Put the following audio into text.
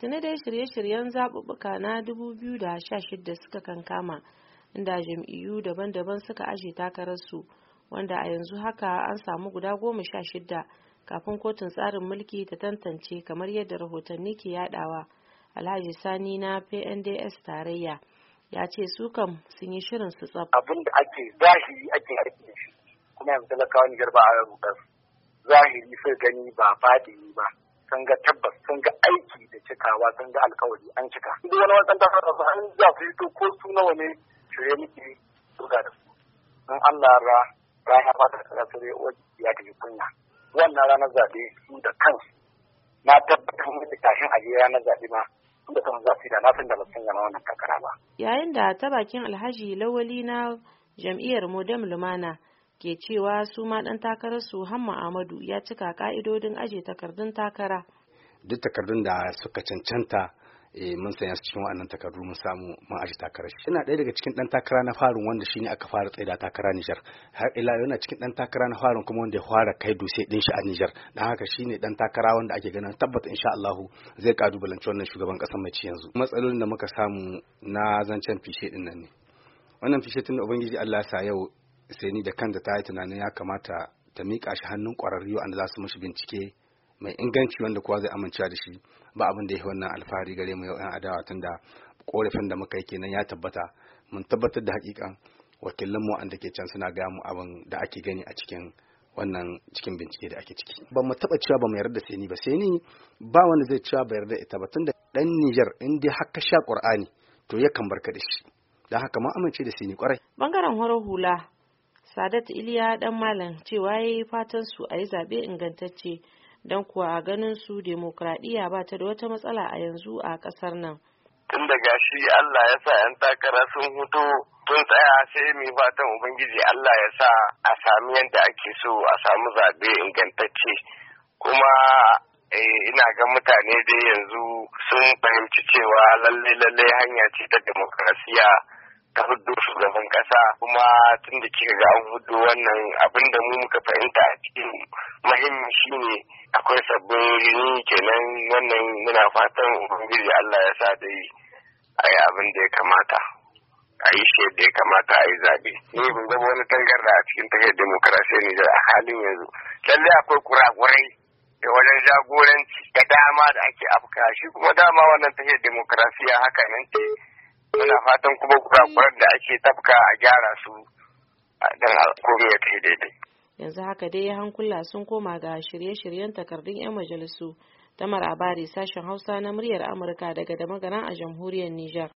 tuni dai shirye-shiryen zaɓuɓɓuka na 2016 suka kankama inda jam'iyyu daban-daban suka aje takararsu wanda a yanzu haka an samu guda goma sha shida kafin kotun tsarin mulki ta tantance kamar yadda rahotanni ke yadawa alhaji sani na pnds tarayya ya ce su kam sun yi shirin su tsab abin da ake zahiri ake aikin shi kuma yanzu talakawa nigar garba a rudar zahiri sai gani ba fadi ba sun ga tabbas sun cikawa sun ga alkawari an cika duk wani wasan ta fara su an za su yi to ko su nawa ne shirye muke turga da su in Allah ra rana ya ta da su ya tafi kunya wannan ranar zaɓe su da kansu na tabbatar da tashin aje ranar zaɓe ma su da kansu za su da na san da ba sun gama wannan kakara ba. yayin da ta bakin alhaji lawali na jam'iyyar modem lumana ke cewa su ma ɗan takararsu hamma amadu ya cika ka'idodin aje takardun takara. duk takardun da suka cancanta eh, mun sanya su cikin wa'annan takardu mun samu mun aji takara shi ina ɗaya daga cikin ɗan takara na farin wanda shine aka fara tsaida takara Nijar har ila yana cikin dan takara na farin kuma wanda ya fara kai dutse din shi a Nijar dan haka shine dan takara wanda ake ganin tabbata insha Allah zai balance wannan shugaban kasar mai ci yanzu matsalolin da muka samu na zancen fishe din nan ne wannan fishe tun da ubangiji Allah sa yau sai ni da kanta ta yi tunanin ya kamata ta miƙa shi hannun ƙwararru wanda za su mishi bincike mai inganci wanda kowa zai amince da shi ba abin da ya wannan alfahari gare mu yau yan adawa tunda korafin da muka yi kenan ya tabbata mun tabbatar da hakikan wakilan mu da ke can suna ga mu abin da ake gani a cikin wannan cikin bincike da ake ciki ba mu taba cewa ba mu yarda sai ni ba sai ni ba wanda zai cewa ba yarda ita ba tunda dan Niger in dai haka sha Qur'ani to yakan barka da shi dan haka ma amince da sai ni kwarai bangaren horo hula Sadat Iliya dan Malam cewa yayi fatan su a yi zabe ingantacce don kuwa a ganin su demokradiyya ba ta da wata matsala a yanzu a kasar nan. Tun gashi, gashi Allah ya sa 'yan takara sun hutu tun tsaya sai mai fatan Ubangiji Allah ya sa a sami yadda ake so a samu zaɓe ingantacce kuma eh, ina ga mutane dai yanzu sun fahimci cewa lalle lalle hanya ce ta demokrasiya ta hudu shugaban kasa kuma tun da kika ga an hudu wannan abin da mu muka fahimta a cikin shi ne akwai sabbin rini kenan wannan muna fatan ubangiji Allah ya sa dai a yi abin da ya kamata a yi shi da ya kamata a yi zaɓe ni ban zama wani tangarda a cikin tafiyar ne da a halin yanzu lallai akwai kurakurai da wajen jagoranci da dama da ake afka shi kuma dama wannan tafiyar demokarasiya haka nan ce muna fatan kuma kurakuran da ake tafka a gyara su don komai ya tafi daidai yanzu haka dai 'ya hankula sun koma ga shirye-shiryen takardun 'yan majalisu tamar abari sashen hausa na muryar amurka daga da magana a jamhuriyar nijar